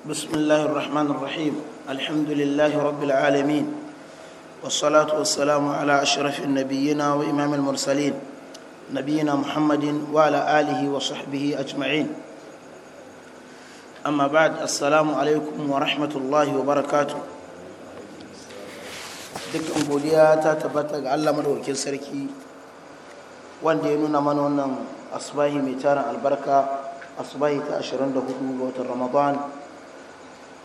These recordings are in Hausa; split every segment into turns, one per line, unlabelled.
بسم الله الرحمن الرحيم الحمد لله رب العالمين والصلاة والسلام على أشرف النبيين وإمام المرسلين نبينا محمد وعلى آله وصحبه أجمعين أما بعد السلام عليكم ورحمة الله وبركاته dukkan godiya ta tabbata ga Allah madaukakin sarki wanda ya nuna mana wannan asbahi mai tarin albarka asbahi ta 24 ga watan Ramadan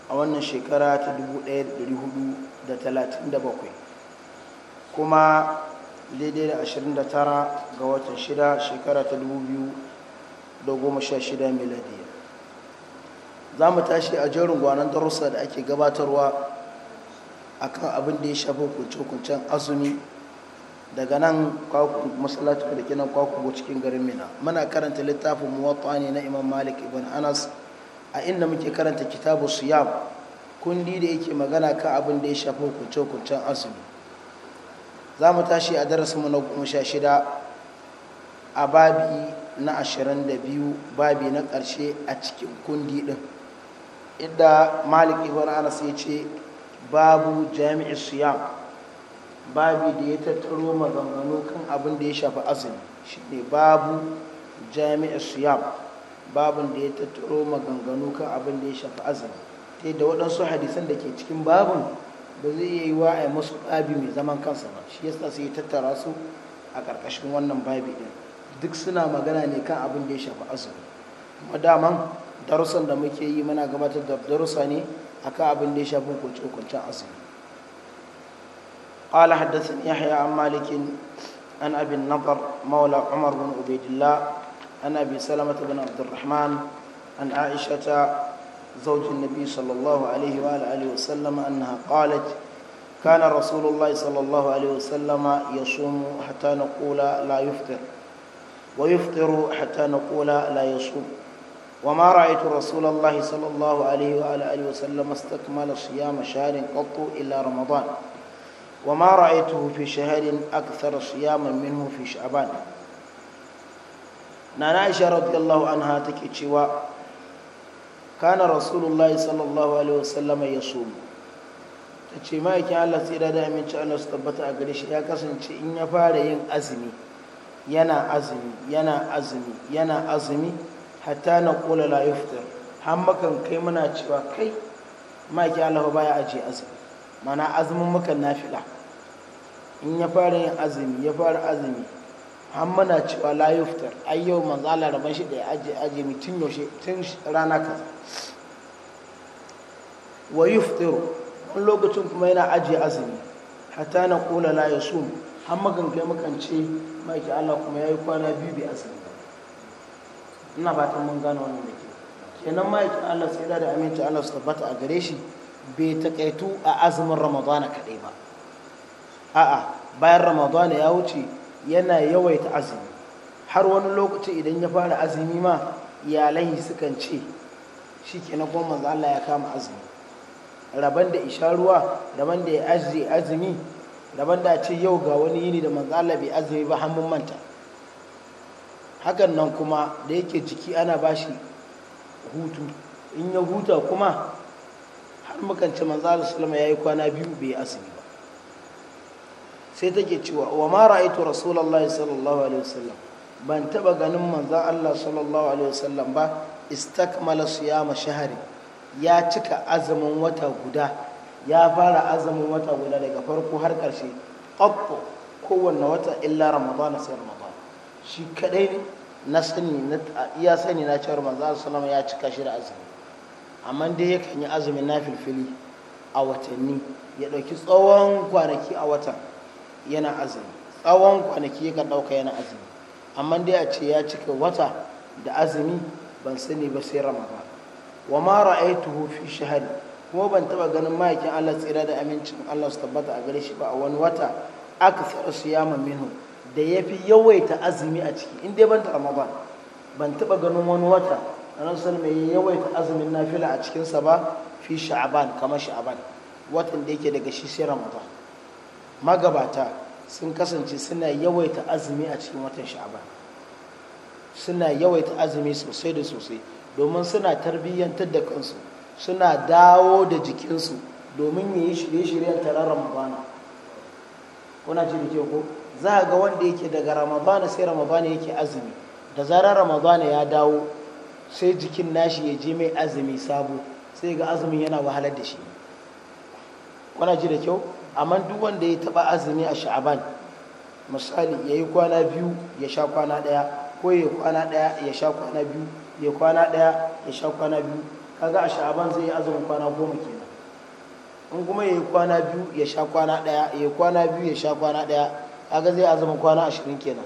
a wannan shekara ta 1437 kuma daidai da 29 ga watan 6 shekara ta 2016 miladiya za mu tashi a jerin gwanon darussa da ake gabatarwa a kan abin da ya shafi hukunce-hukuncen azumi daga nan masalatu da kinan kwakwabo cikin garin mina muna karanta littafin muwatta ne na imam malik ibn anas a inda muke karanta kitabu siyam kundi da yake magana kan abin da ya shafi hukunce-hukuncen azumi za mu tashi a darasinmu na goma sha shida a babi na ashirin da biyu babi na ƙarshe a cikin kundi ɗin inda malik ibn anas ya ce babu jami'i siyam babi da ya tattaro maganganu kan abin da ya shafi azumi ne babu jami'i siyam babin da ya tattaro maganganu kan abin da ya shafi azumi ta yadda waɗansu hadisan da ke cikin babin ba zai yi wa a masu ɗabi mai zaman kansa ba shi yasa sai ya tattara su a ƙarƙashin wannan babi ɗin duk suna magana ne kan abin da ya shafi azumi kuma daman darussan da muke yi muna gabatar da darussa ne akan abin da ya shafi hukuncin azumi قال حدثني يحيى عن مالك عن ابي النضر مولى عمر بن عبيد الله عن أبي سلمة بن عبد الرحمن عن عائشة زوج النبي صلى الله عليه وآله وسلم أنها قالت كان رسول الله صلى الله عليه وسلم يصوم حتى نقول لا يفطر ويفطر حتى نقول لا يصوم وما رأيت رسول الله صلى الله عليه وآله وسلم استكمل صيام شهر قط إلا رمضان وما رأيته في شهر أكثر صياما منه في شعبان nana aisha radiyallahu anha take cewa kana rasulullah sallallahu alaihi wasallam ya sumu ta ce ma'aikin allah sai da aminci allah su tabbata a gare shi ya kasance in ya fara yin azumi yana azumi yana azumi yana azumi hatta na kula la yuftar har makan kai muna cewa kai ma'aikin allah baya ajiye azumi mana azumin makan nafila in ya fara yin azumi ya fara azumi har mana cewa layuftar yuftar ai yau manzo Allah raban shi da aje aje mi tun yaushe tun rana kaza wa yuftiru wani lokacin kuma yana aje azumi hatta na kula la yasum har maganga makance mai Allah kuma yayi kwana biyu bi azumi ina fatan mun gano wannan da ke kenan ma yake Allah sai da aminci Allah su tabbata a gare shi bai takaitu a azumin Ramadana kadai ba a'a bayan Ramadana ya wuce yana yawaita azumi har wani lokaci idan ya fara azumi ma iyalai sukan ce shi ke na goma Allah ya kama azumi raban da isha ruwa raban da ya azumi raban da ce yau ga wani yini da bai azumi ba hannun manta hakan nan kuma da yake jiki ana bashi hutu in ya huta kuma har mukan manzala manzo ya yi kwana biyu bai azumi sai take cewa wa ma ra'aitu rasulallah sallallahu alaihi wasallam ban taba ganin manzan Allah sallallahu alaihi wasallam ba istakmala siyama shahari ya cika azumin wata guda ya fara azumin wata guda daga farko har karshe ƙafo kowanne wata illa ramadan sai ramadan shi kadai na sani na iya sani na cewa manzan Allah sallallahu ya cika shi da azumi amma dai yakan yi azumin na filfili a watanni ya ɗauki tsawon kwanaki a watan yana azumi tsawon kwanaki yakan ɗauka yana azumi amma dai a ce ya cika wata da azumi ban sani ba sai ramadan wa ma ra'aytuhu fi shahari ko ban taba ganin mayakin Allah tsira da amincin Allah su tabbata a gare shi ba a wani wata akthar siyama minhu da yafi yawaita azumi a ciki in dai ban ta ramadan ban taba ganin wani wata annabi sallallahu alaihi yawaita azumin nafila a cikin sa ba fi sha'aban kamar sha'aban watan da yake daga shi sai ramadan magabata sun kasance suna yawaita azumi a cikin watan sha'aba, suna yawaita azumi sosai da sosai domin suna tarbiyyantar da kansu suna dawo da jikinsu domin ya yi shirye-shiryen taron ramadana kuna ce da ke ko za a ga wanda yake daga ramadana sai ramadana yake azumi da zarar ramadana ya dawo sai jikin nashi ya je mai azumi sabo sai ga azumin yana wahalar da shi kuna ji da kyau amma duk wanda ya taba azumi a sha'aban misali ya yi kwana biyu ya sha kwana ɗaya ko ya kwana ɗaya ya sha kwana biyu ya kwana ɗaya ya sha kwana biyu kaga a sha'aban zai yi azumin kwana goma kenan in kuma ya yi kwana biyu ya sha kwana ɗaya ya kwana biyu ya sha kwana ɗaya kaga zai azumin kwana ashirin kenan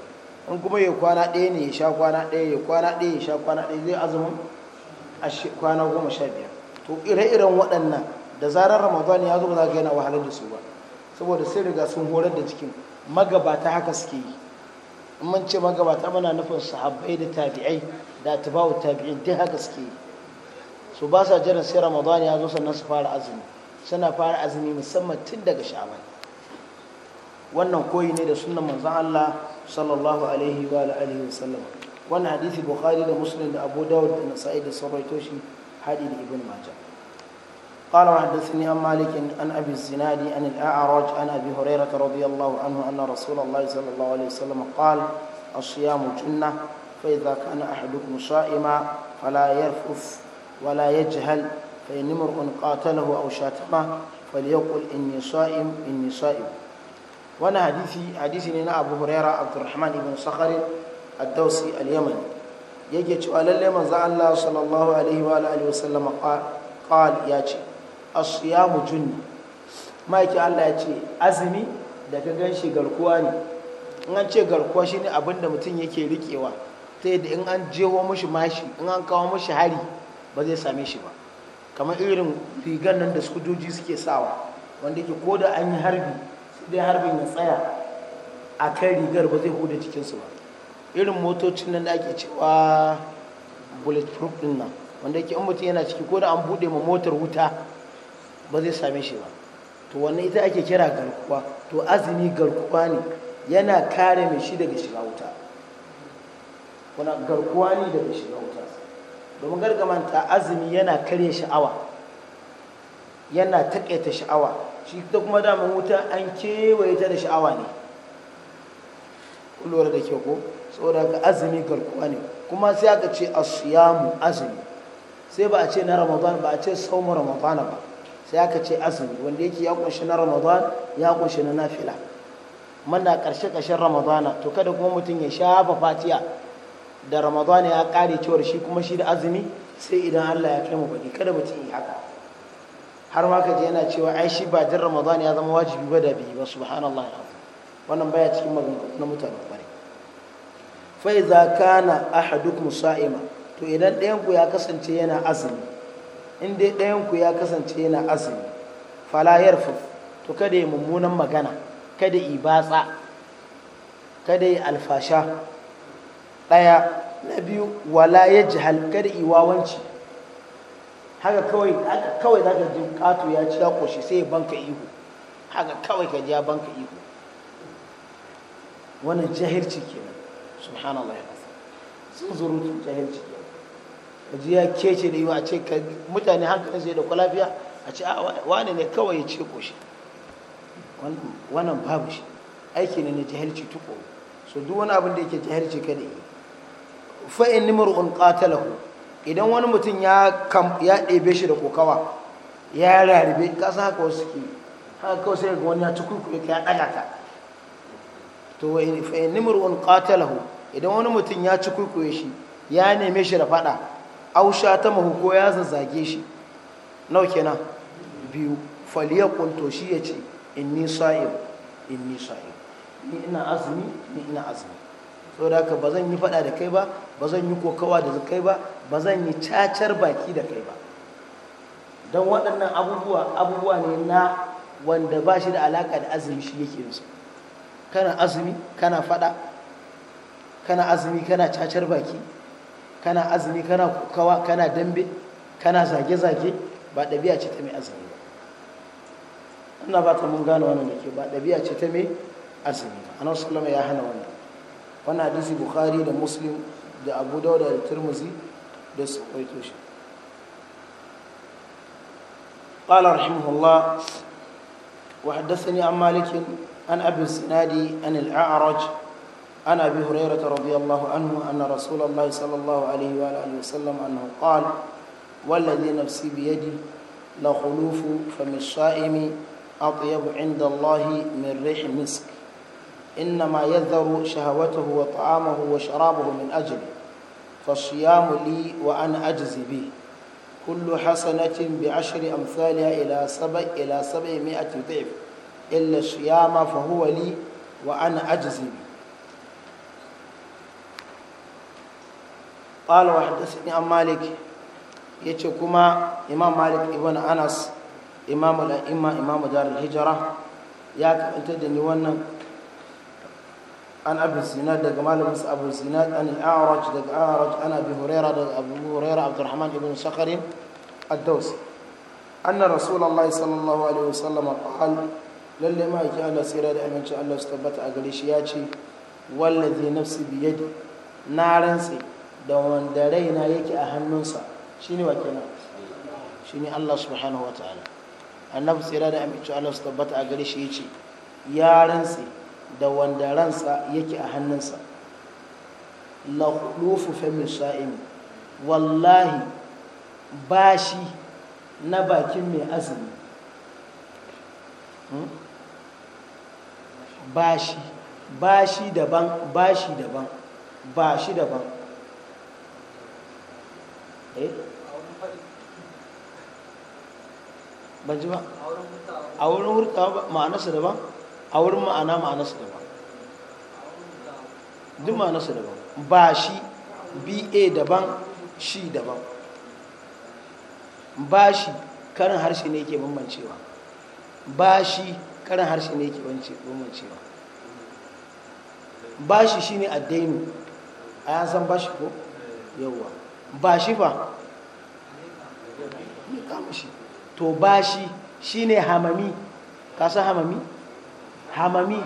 in kuma ya kwana ɗaya ne ya sha kwana ɗaya ya kwana ɗaya ya sha kwana ɗaya zai azumin kwana goma sha biyar to ire-iren waɗannan da zarar ramadan ya zo ba za ka yana wahalar da su ba saboda sai riga sun horar da cikin. magabata haka suke yi mun ce magabata muna nufin sahabbai da tabi'ai da tabawu tabi'in duk haka suke yi su ba sa jiran sai ramadan ya zo sannan su fara azumi suna fara azumi musamman tun daga sha'aban wannan koyi ne da sunan manzon Allah sallallahu alaihi wa alihi wa sallam wannan hadisi bukhari da muslim da abu dawud da nasa'i da sarwaito shi hadi da ibn majah قال وحدثني عن مالك عن ابي الزناد عن الاعرج عن ابي هريره رضي الله عنه ان رسول الله صلى الله عليه وسلم قال الصيام جنه فاذا كان احدكم صائما فلا يرفث ولا يجهل فان امرؤ قاتله او شاتمه فليقل اني صائم اني صائم وانا حديثي حديثي لنا ابو هريره عبد الرحمن بن صخر الدوسي اليمني يجي تشوى اليمن زعل الله صلى الله عليه واله وسلم قال, قال يا شيخ asiyamu junna ma'aikin Allah ya ce azumi da ka gan shi garkuwa ne in an ce garkuwa shi ne abinda mutum yake riƙewa ta yadda in an jewa mashi mashi in an kawo mashi hari ba zai same shi ba kamar irin rigar nan da sojoji suke sawa wanda ke ko an yi harbi dai harbin ya tsaya a kan rigar ba zai huda cikinsu ba irin motocin nan da ake cewa bulletproof din nan wanda ke in mutum yana ciki ko da an buɗe ma motar wuta ba zai same shi ba to wannan ita ake kira garkuwa to azumi garkuwa ne yana kare mai shi daga shiga wuta kuna garkuwa ne daga shiga wuta domin gargamanta azumi yana karya sha'awa yana taƙaita sha'awa shi ta kuma damar wuta an kewaye ta da sha'awa ne kullum da ke ko saboda ga azumi garkuwa ne kuma sai aka ce asiyamu azumi sai ba a ce na ramadan ba a ce sauma ramadan ba sai aka ce azumi wanda yake ya kunshi na ramadan ya kunshi na nafila mana karshe karshen ramadana to kada kuma mutum ya shafa fatiya da ramadan ya kare cewar shi kuma shi da azumi sai idan allah ya kaimu mu kada mutum yi haka har ma ka je yana cewa ai shi ba jin ramadana ya zama wajibi ba da biyu ba subhanallah ya wannan baya cikin magana na mutane bare fa iza kana ahadukum sa'ima to idan ɗayan ku ya kasance yana azumi in dai ɗayanku ya kasance yana azumi fala yarfu to kada yi mummunan magana kada yi batsa kada yi alfasha ɗaya na biyu wala ya jihal kada yi wawanci haka kawai haka kawai ka ji kato ya ci ya ƙoshi, sai ya banka ihu haka kawai ka ji ya banka ihu wannan jahilci kenan subhanallah sun zuru jahilci kenan ji ya kece ne a ce mutane hankalin sai da kwalafiya a ce wane ne kawai ya ce koshi wannan babu shi aiki ne na jahilci tuko so duk wani abin da yake jahilci kada yi fa'in nimar nimrun qatalahu idan wani mutum ya ya ɗebe shi da kokawa ya rarrabe ka san haka wasu ke haka kawai sai ga wani ya tukurkure ya ɗaga ka to wani in un qatalahu idan wani mutum ya ci shi ya neme shi da fada ausha ta mahuko ya zazzage shi nau kenan biyu faliya kunto shi ya ce yau in nisa yau ni ina azumi ni ina azumi ba zan yi fada da kai ba ba zan yi kokawa da kai ba ba zan yi cacar baki da kai ba don waɗannan abubuwa abubuwa ne na wanda ba shi da alaka da azumi shi yake yinsu kana azumi kana fada kana azumi kana cacar baki kana azumi kana kokawa kana dambe kana zage-zage ba ɗabi'a ce ta mai azumi ba ina ba ta mun gane wannan da ke ba ɗabi'a ce ta mai azumi ba anan sallama ya hana wannan wannan hadisi bukhari da muslim da abu dauda da turmuzi da su kwaito shi قال رحمه الله وحدثني عن مالك عن ابي الزنادي عن الاعرج عن ابي هريره رضي الله عنه ان رسول الله صلى الله عليه واله وسلم انه قال والذي نفسي بيدي لخلوف فم الشائم اطيب عند الله من ريح المسك انما يذر شهوته وطعامه وشرابه من اجلي فالصيام لي وانا اجزي به كل حسنه بعشر امثالها الى سبع الى سبعمائه ضعف الا الصيام فهو لي وانا اجزي به qala wa an malik yace kuma imam malik ibn anas imam al-a'imma imam dar ya karanta da ni wannan an abu sina daga malamin sa abu sina an al-a'raj daga a'raj ana bi hurairah daga abu hurairah abdurrahman ibn sakhar ad-dawsi anna sallallahu alaihi wasallam qala lalle ma yake Allah sira da aminci Allah su tabbata a gare shi ya ce wallazi na rantsi da wanda raina yake a hannunsa Shi ne wa shi ne Allah subhanahu wa ta'ala annabi tsira da amince Allah su tabbata a gari shi yace ya rantsi da wanda ransa yake a hannunsa la khulufu fami sha'imi wallahi bashi na bakin mai azumi hmm? bashi bashi daban bashi daban bashi daban Eh? bashi ji ba a wurin daban shi daban shi karin harshe ne ke bambancewa ba karin harshe ne ke bambancewa ba shi shine addainu a yan san bashi ko yawwa ba shi fa to ba shi shi ne hamami kasa hamami hamami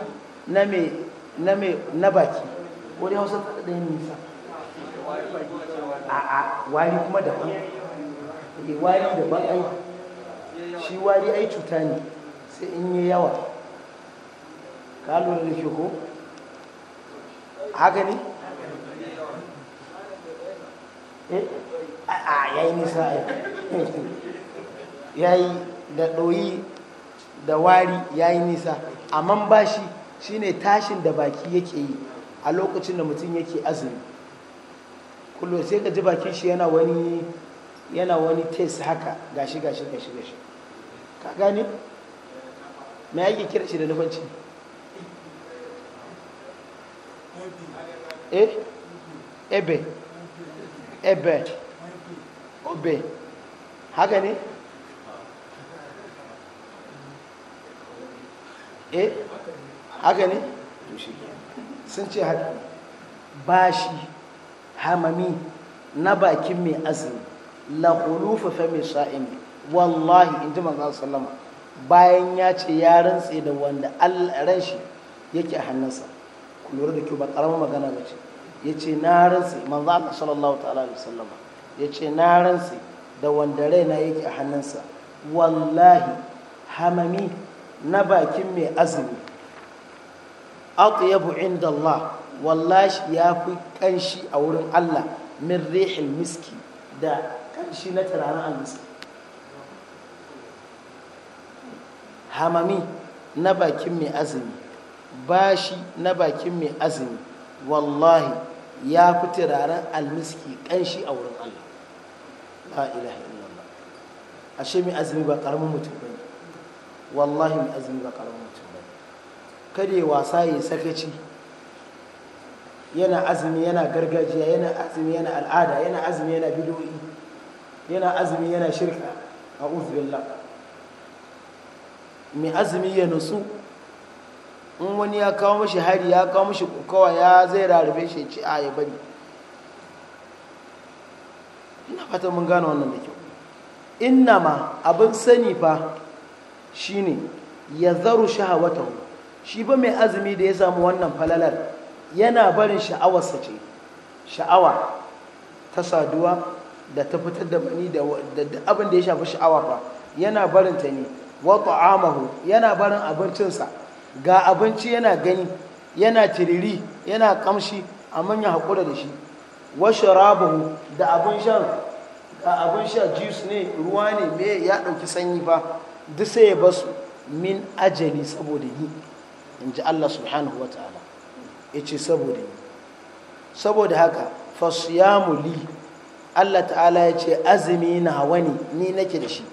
na na baki wani hausa da yin nisa a'a wari kuma daban e wari daban ai shi wari ai cuta ne sai in yi yawa ka lura da ko haka ne Eh? a yi nisa ya yi da ɗoyi da wari ya yi nisa amma bashi shine tashin da baki yake yi a lokacin da mutum yake azumi kullum sai ka ji bakin shi yana wani yana wani tes haka gashi gashi gashi gashi ka gani me yake kira shi da nufanci eh ebe ebe obe haka ne eh haka ne sun ce haka bashi hamami na bakin mai azumi la khulufa fa mai wallahi in ji sallama bayan ya ce ya rantse da wanda Allah ran shi yake hannunsa ku lura da kyau ba karamar magana ba ce ya ce na rantsi manzo Allah sallallahu ta'ala alaihi wasallam ya ce na rantsi da wanda raina yake a hannunsa wallahi hamami na bakin mai azumi atyabu inda Allah wallahi ya fi kanshi a wurin Allah min rihil miski da kanshi na turaren almiski hamami na bakin mai azumi bashi na bakin mai azumi wallahi ya fi turaren almiski kanshi a wurin Allah la ilaha illallah ashe mai azumi ba karamin mutum bane wallahi mai azumi ba karamin mutum bane kada ya wasa ya sakaci yana azumi yana gargajiya yana azumi yana al'ada yana azumi yana bidoi yana azumi yana shirka a uzbillah mai azumi ya nutsu in wani ya kawo mashi hari ya kawo mashi kokawa ya zai rarrabe shi ci a ya bari ina fata mun gane wannan da kyau inna ma abin sani fa shi ne ya zaru hu shi ba mai azumi da ya samu wannan falalar yana barin sha'awarsa ce sha'awa ta saduwa da ta fitar da mani da abin da ya shafi sha'awa fa yana barin ta ne wa ta'amahu yana barin abincinsa ga abinci yana gani yana tiriri yana kamshi a manyan haƙura da shi washe rabu da abin shan abin sha juice ne ruwa ne mai ya ɗauki sanyi ba duk sai ya basu min ajali saboda ni in ji Allah subhanahu wa ta'ala ya ce saboda ni saboda haka fasiyamu li Allah ta'ala ya ce azumi na wani ni nake da shi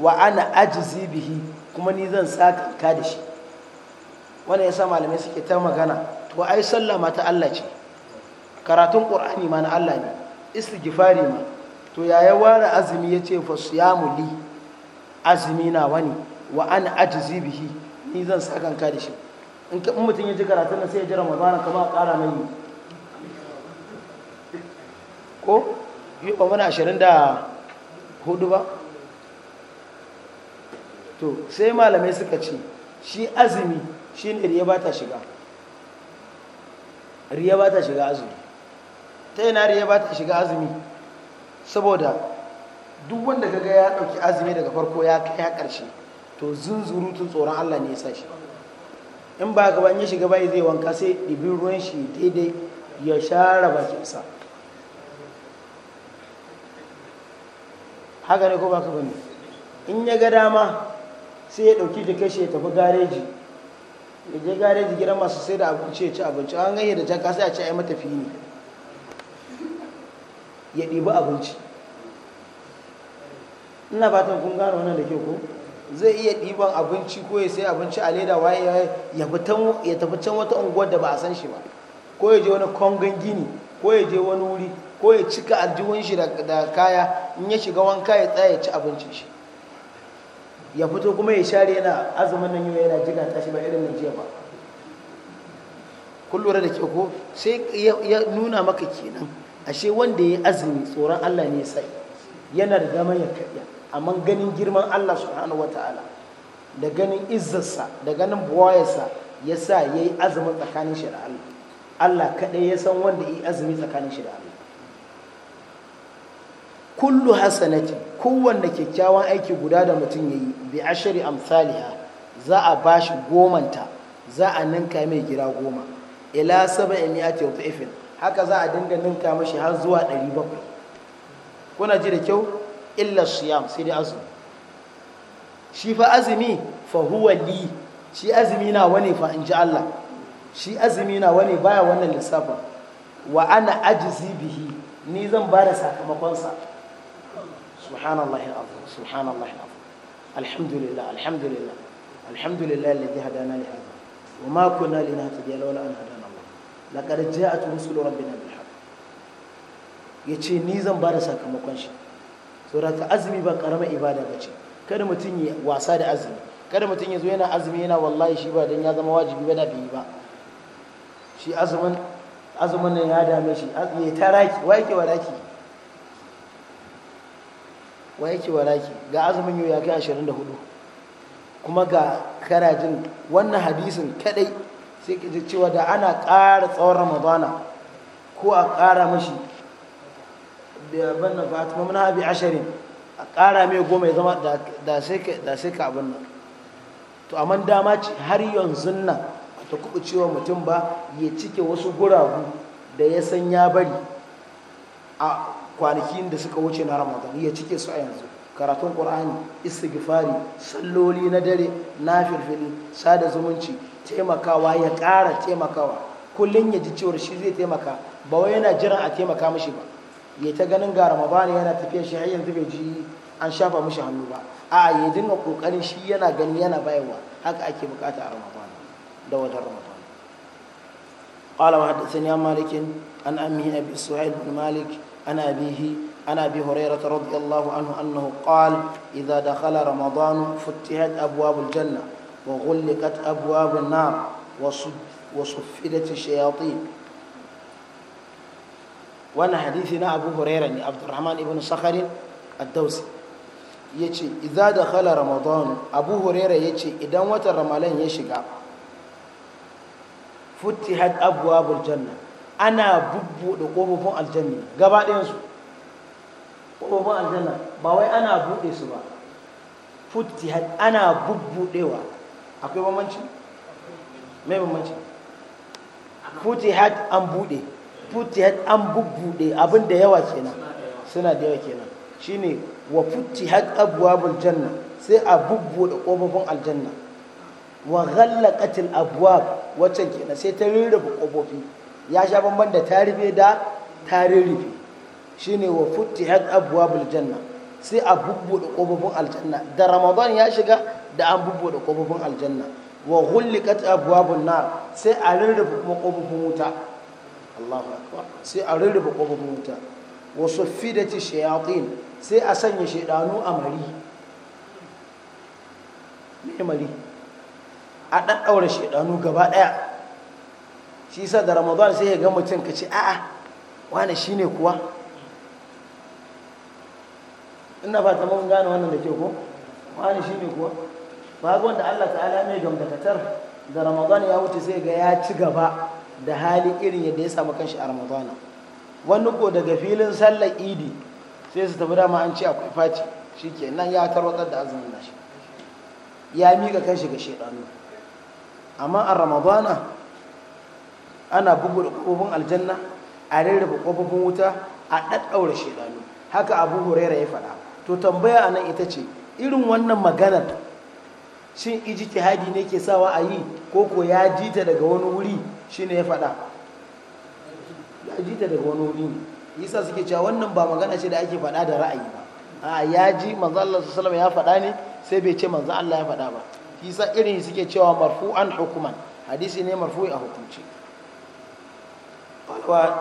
wa ana ajizi bihi kuma ni zan sa kanka da shi wanda ya sa malamai suke ta magana to ai sallah ma ta Allah ce karatun qur'ani ma na Allah ne istighfari ma to yaya ware azumi yace fa siyamu li azumi na wani wa an ajzi bihi ni zan saka ka da shi in mutum ya ji karatun sai ya ji ramadan kamar ƙara mai ko yi ba mana ashirin da hudu ba to sai malamai suka ce shi azumi shi ne riya ba ta shiga riya ba ta shiga azumi ta yana riya ba ta shiga azumi saboda duk wanda kaga ya ɗauki azumi daga farko ya kai ya ƙarshe to zurutun tsoron allah ne ya sa shi in ba ka ya shiga bai zai wanka sai ɗibin ruwan shi daidai ya share bakinsa haka ne ko ba ka bane in ya ga dama sai ya ɗauki da kashe ya tafi gareji ya je gareji gidan masu sai da abinci ya ci abinci an ganye da jaka sai a a ai matafi ne ya ɗibi abinci ina fatan kun gane wannan da ke ko zai iya ɗiban abinci ko ya sai abinci a leda waye ya tafi can wata unguwar da ba a san shi ba ko ya je wani kongon gini ko ya je wani wuri ko ya cika aljihun shi da kaya in ya shiga wanka ya tsaya ya ci abincin shi ya fito kuma ya share yana azumin nan yau yana jiga tashi ba irin jiya ba kun da ke ko sai ya nuna maka kenan ashe wanda ya azumi tsoron Allah ne sai yana da dama ya karya amma ganin girman Allah subhanahu wataala da ganin izzarsa da ganin buwayarsa ya sa ya yi azumin tsakanin shi da Allah Allah kaɗai ya san wanda ya yi azumi tsakanin shi da Allah kullu hasanati kowanne kyakkyawan aiki guda da mutum ya yi bi ashari amsaliha za a ba shi gomanta za a ninka mai gira goma ila saba'i mi'ati ifin, haka za a dinga ninka mashi har zuwa 700 kuna ji da kyau illa siyam sai dai azumi shi fa azumi fa huwa li shi azumi na wani fa in ji Allah shi azumi na wani baya wannan lissafin wa ana ajzi bihi ni zan ba da sakamakonsa subhanallahi alazim subhanallahi alazim alhamdulillah alhamdulillah alhamdulillah alladhi hadana li hadha wa ma kunna linahtadiya lawla an hadana Allah laqad ja'at rusulu rabbina bil haqq yace ni zan ba da sakamakon شي سوره azumi ba karama ibada بچي kada mutum ya wasa da azumi kada mutum ya yana azumi yana wallahi shi ba don ya zama wajibi ba da bi ba shi azumin azumin nan ya dame shi ya taraki wa wa raki wa yake waraki ga azumin yau ya kai ashirin 24 kuma ga karajin wannan hadisin kadai sai ka ji cewa da ana ƙara tsawon ramadana ko a ƙara mashi da banna fatima muna habi ashirin a ƙara mai goma ya zama da sai ka abin nan to amma dama ce har yanzu nan ta kuɓi cewa mutum ba ya cike wasu guragu da ya san ya bari a kwanakin da suka wuce na ramadan ya cike su a yanzu karatun qur'ani istighfari salloli na dare na filfili sada zumunci taimakawa ya ƙara taimakawa kullum ya ji cewar shi zai taimaka ba wai yana jiran a taimaka mishi ba ya ta ganin ga ramadan yana tafiya shi har yanzu bai ji an shafa mishi hannu ba a ya dinga kokarin shi yana gani yana bayarwa haka ake bukata a ramadan da watan ramadan قال وحدثني مالك عن أمه أبي سعيد بن مالك عن أبيه عن أبي هريرة رضي الله عنه أنه قال إذا دخل رمضان فتحت أبواب الجنة وغلقت أبواب النار وصفدت الشياطين وأنا حديثنا أبو هريرة عبد الرحمن بن صخر الدوسي yace idza dakhala ramadan abu huraira yace idan watan ramadan ya shiga futihat abwabul janna ana bubbuɗe ƙofofin aljanna gaba ɗayansu ƙofofin aljanna ba wai ana buɗe su ba futti ana bubbuɗewa akwai bambanci mai bambanci had an buɗe had an bubbuɗe abin da yawa kenan suna da yawa kenan shine wa had abuwa janna sai a bubbuɗe ƙofofin aljanna wa ghallaqatil abwab wacce kenan sai ta rurrufe ƙofofi ya sha bamban da tarife da shi ne wa futtihat abuwa janna sai a bubbuɗe ƙofofin aljanna da ramadan ya shiga da an bubbuɗe ƙofofin aljanna wa ghulliqat abuwa bulna sai a rurrufe kuma ƙofofin wuta Allahu akbar sai a rurrufe ƙofofin wuta wa ci shayatin sai a sanya shaidanu a mari me mari a ɗan ɗaura shaidanu gaba ɗaya shi yasa da ramadan sai ya ga mutum ka ce a'a wane shine kuwa ina ba ta mun gane wannan da ke ko wane shine kuwa ba ga wanda Allah ta'ala mai gamdakatar da ramadan ya wuce sai ga ya ci gaba da hali irin yadda ya samu kanshi a ramadana wani ko daga filin sallar idi sai su tafi dama an ce akwai faci shi ke nan ya tarwatsar da azumin nashi ya miƙa kanshi ga shaidanu amma a ramadana ana bugu da kofofin aljanna a rarraba kofofin wuta a ɗaɗɗaura shedanu haka abu huraira ya faɗa to tambaya a nan ita ce irin wannan maganar shin ijtihadi ne ke sawa a yi ko ko ya jita daga wani wuri shine ya faɗa ya jita daga wani wuri ne yasa suke cewa wannan ba magana ce da ake faɗa da ra'ayi ba a ya ji manzo Allah sallallahu ya faɗa ne sai bai ce manzo Allah ya faɗa ba yasa irin suke cewa marfu'an hukuman hadisi ne marfu'i a hukunci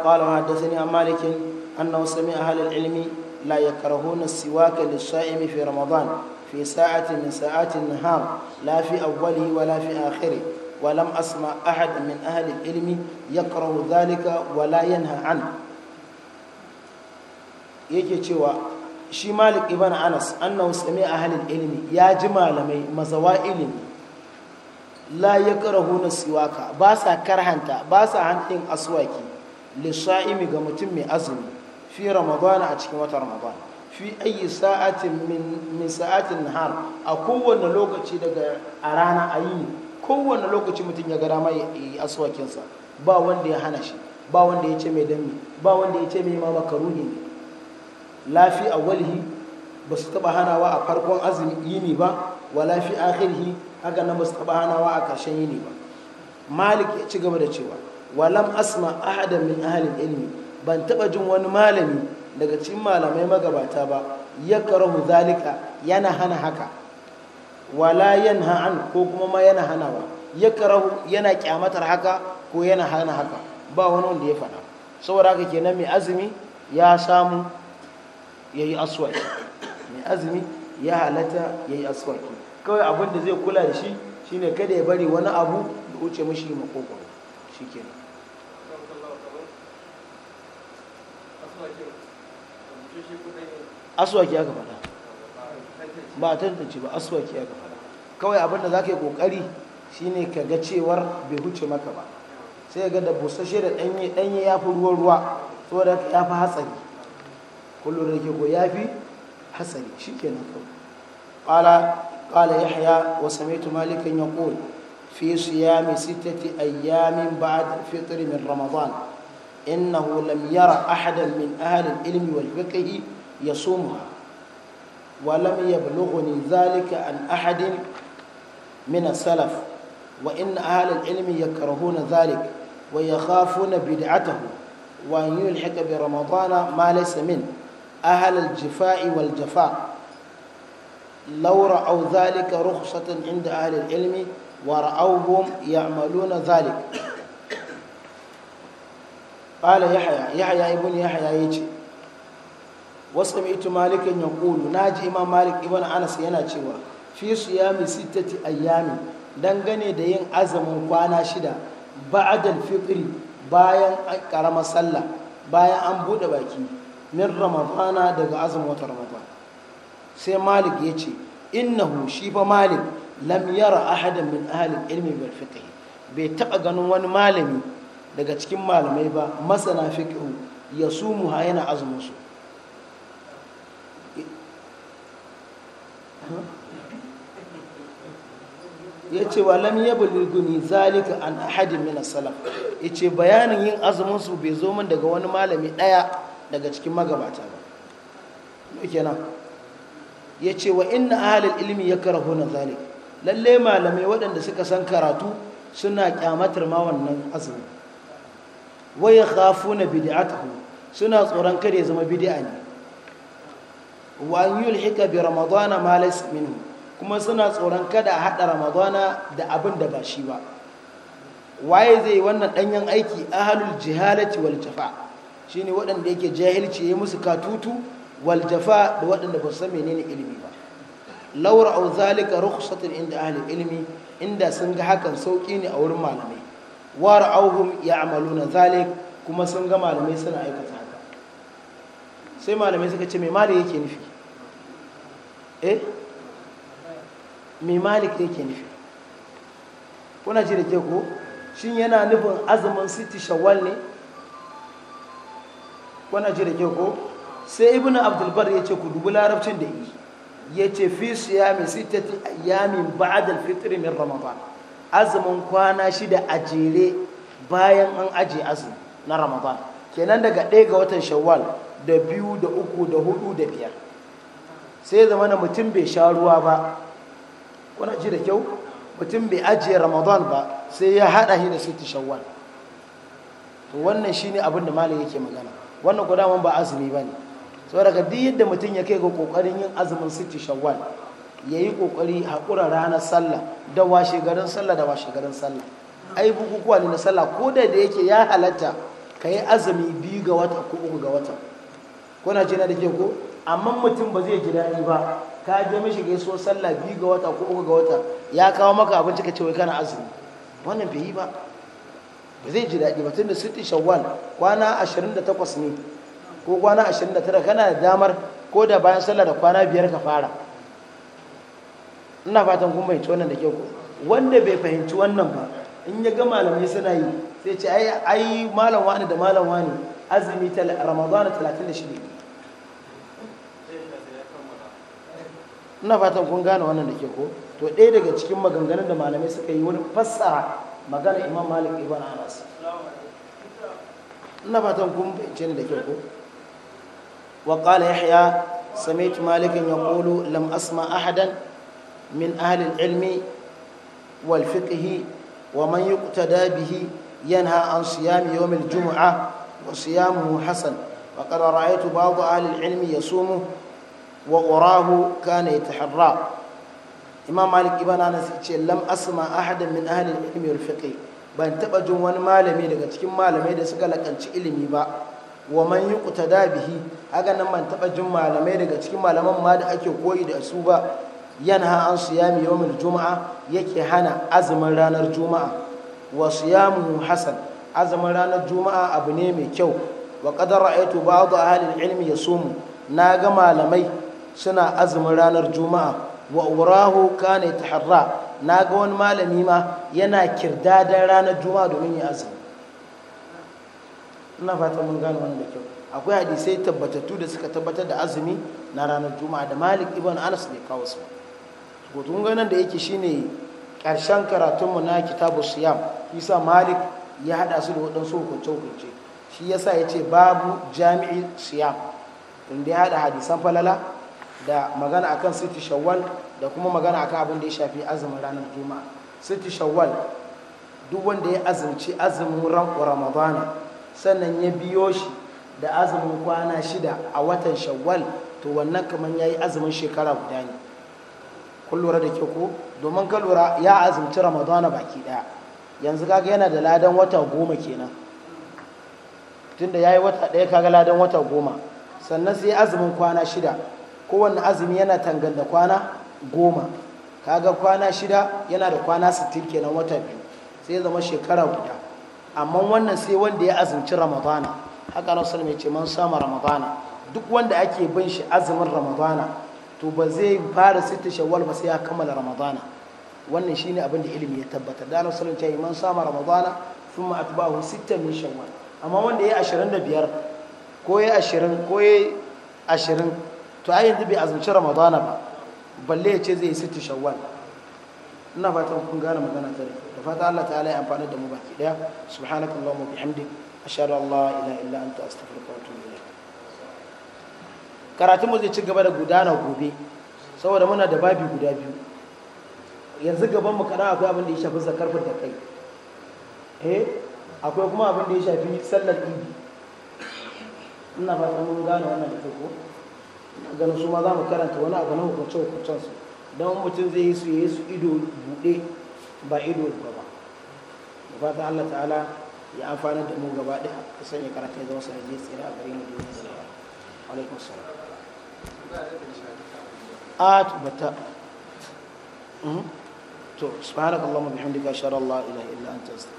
قال وحدثني عن مالك أنه سمع أهل العلم لا يكرهون السواك للصائم في رمضان في ساعة من ساعات النهار لا في أوله ولا في آخره ولم أسمع أحد من أهل العلم يكره ذلك ولا ينهى عنه yake cewa shi malik ibn anas annahu sami ahlul ilmi ya ji malamai mazawa ilimi la yakrahuna siwaka ba sa karhanta ba sa hantin aswaki lissa'imi ga mutum mai azumi fi ramadana a cikin watan ramadana fi ayi sa'atin min sa'atin har a kowane lokaci daga a rana a yi kowane lokaci mutum ya ga dama ya yi aswakinsa ba wanda ya hana shi ba wanda ya ce mai dami ba wanda ya ce mai ma makaru ne lafi a walhi ba su taba hanawa a farkon azumi yini ba wa lafi akhirhi haka nan ba su taba hanawa a ƙarshen yini ba malik ya ci gaba da cewa walam asma ahadan min ahalin ilmi ban taba jin wani malami daga cikin malamai magabata ba ya karahu zalika yana hana haka wala yanha an ko kuma ma yana hanawa ya karahu yana kyamatar haka ko yana hana haka ba wani wanda ya faɗa saboda haka kenan mai azumi ya samu ya yi aswaki mai azumi ya halatta ya yi aswaki kawai abin da zai kula da shi shine kada ya bari wani abu da wuce mashi makogwaro shi kenan aswaki ya gafada ba tantance ba aswaki ya faɗa kawai abinda za ka yi ƙoƙari shine ka ga cewar bai huce maka ba sai ga da busasshe da ɗanye ɗanye ya fi ruwan ruwa da ya fi hatsari kullum da ke ko ya fi hatsari shi ke nan kawai ƙala ƙala ya haya wa samaitu malikan ya ƙul fi siyami sittati ayyamin ba'ad fitri min ramadan إنه لم يرى أحدا من أهل العلم والفقه يصومها ولم يبلغني ذلك عن أحد من السلف وإن أهل العلم يكرهون ذلك ويخافون بدعته وأن يلحق برمضان ما ليس منه أهل الجفاء والجفاء لو رأوا ذلك رخصة عند أهل العلم ورأوهم يعملون ذلك qala yahya ya ibn yahya yace wasami'tu malikan na naji imam malik ibn anas yana cewa fi siyami sittati ayyami dangane da yin azumin kwana shida ba'dal fitri bayan karamar sallah bayan an buɗe baki min ramadana daga azumin wata ramadan sai malik yace innahu shi fa malik lam yara ahadan min ahli ilmi bil fiqh bai taɓa ganin wani malami daga cikin malamai ba masana fiqhu ya su mu yana azumin su ya ce wa lam yabluguni zalika an ahadin min salam Ya ce bayanin yin azumin su bai zo min daga wani malami ɗaya daga cikin magabata ba kenan ce wa inna ya ilmi hona zalik lalle malamai waɗanda suka san karatu suna kyamatar ma wannan azumin. wa yakhafuna bid'atahu suna tsoron kada ya zama bidi'a ne wa an bi ramadana ma laysa minhu kuma suna tsoron kada a hada ramadana da abin da ba shi ba waye zai wannan danyen aiki ahlul jihalati wal jafa shine waɗanda yake jahilci yayi musu katutu wal jafa da waɗanda ba su san menene ilimi ba laura auzalika zalika inda ahli ilimi inda sun ga hakan sauƙi ne a wurin malamai ya amalu na zalik kuma sun ga malamai suna aikata haka sai malamai suka ce me malik yake nufi eh me malik yake nufi kuna ji da ke ko shi yana nufin azumin siti shawwal ne kuna ji da ke ko sai ibnu Abdulbar ya ce ku dubi larabcin da yi ce fi mai sitati ayyamin ba'da al-fitr min ramadan azumin kwana shida a jere bayan an aje azumi na ramadan kenan daga ɗaya ga watan shawwal da biyu da uku da hudu da biyar sai zama na mutum bai sha ruwa ba kuna ji da kyau mutum bai ajiye ramadan ba sai ya haɗa shi da sitti shawwal to wannan shine abin da malam yake magana wannan kudaman ba azumi ba ne So daga duk yadda mutum ya kai ga ƙoƙarin yin azumin sitti shawwal ya yi ƙoƙari haƙura ranar sallah da washe garin sallah da washe garin sallah ai bukukuwa ne na sallah ko da da yake ya halatta ka yi azumi biyu ga wata ko uku ga wata kuna jina da ke ko amma mutum ba zai ji daɗi ba ka je mishi ga so sallah biyu ga wata ko uku ga wata ya kawo maka abinci ka ce wai kana azumi wannan bai yi ba ba zai ji daɗi ba tunda sitti shawwal kwana 28 ne ko kwana 29 kana da damar ko da bayan sallah da kwana biyar ka fara ina fatan kun bai wannan da kyau ku wanda bai fahimci wannan ba in ya ga malamai suna yi sai ce ai ai malam wani da malam wani azumi ta ramadana 36 ina fatan kun gane wannan da kyau ku to ɗaya daga cikin maganganun da malamai suka yi wani fassara magana imam malik ibn anas ina fatan kun fahimce ni da kyau ku wa qala yahya سمعت مالكا يقول لم أسمع Ahadan. من أهل العلم والفقه ومن يقتدى به ينهى عن صيام يوم الجمعة وصيامه حسن وقد رأيت بعض أهل العلم يصومه وقراه كان يتحرى إمام مالك ابن أنس لم أسمع أحدا من أهل العلم والفقه ban taɓa jin wani malami daga cikin malamai da suka lakanci ilimi ba wa man yuqtada bihi haka nan ban taɓa jin malamai daga cikin malaman ma da ake koyi da su ba yana an siyami yawmil juma'a yake hana azumin ranar juma'a wa siyamu hasan azumin ranar juma'a abu ne mai kyau wa qadar ra'aytu ba ga ahalin ilmi sumu na ga malamai suna azumin ranar juma'a wa urahu ta harra na ga wani malami ma yana kirdadan ranar juma'a domin ya azumi ina fata mun gano wani kyau akwai hadisai tabbatattu da suka tabbatar da azumi na ranar juma'a da malik ibn anas ne kawo su kotu ganin da yake shine karshen karatunmu na kitabu siyam isa malik ya hada su da waɗansu hukunce hukunce shi ya sa ya ce babu jami'in siyam inda ya hada hadisan falala da magana akan siti shawwal da kuma magana akan abin da ya shafi azumin ranar juma'a siti shawwal duk wanda ya azumci azumin ramadana sannan ya biyo shi da azumin kwana shida a watan shawwal to wannan kamar ya yi azumin shekara guda ne kun lura da ke ko domin ka lura ya azumci ramadana baki daya yanzu kaga yana da ladan wata goma kenan tunda ya yi wata ɗaya kaga ladan wata goma sannan sai azumin kwana shida kowanne azumi yana tangan da kwana goma kaga kwana shida yana da kwana sittin kenan wata biyu sai zama shekara guda amma wannan sai wanda ya azumci ramadana haka na mai ce man sama ramadana duk wanda ake bin shi azumin ramadana to ba zai fara sita shawwal ba sai ya kammala ramadana wannan shine abin da ilimi ya tabbata da annabi sallallahu alaihi man sama ramadana thumma atba'ahu sita min shawwal amma wanda ya 25 ko ya 20 ko ya 20 to ai yanzu bai azumci ramadana ba balle ya ce zai sita shawwal ina fatan kun gane magana tare da fata Allah ta'ala ya amfana da mu baki daya subhanakallahumma bihamdik ashhadu an la ilaha illa anta astaghfiruka wa atubu karatun mu zai ci gaba da gudana gobe saboda muna da babi guda biyu yanzu gaban mu kana akwai abin da ya shafi zakar da kai eh akwai kuma abin da ya shafi sallar ibi ina ta mun gane wannan da ko gano su ma za mu karanta wani abu na hukunce hukuncen su don mutum zai yi su yi su ido buɗe ba ido ba ba da ta Allah ta'ala ya amfana da mu gaba ɗaya ka sanya karatu ya zama sanadiyar tsira a gare mu domin zalawa alaikum salam آت بتا تو سبحانك اللهم وبحمدك أشهد أن لا إله إلا أنت أستغفرك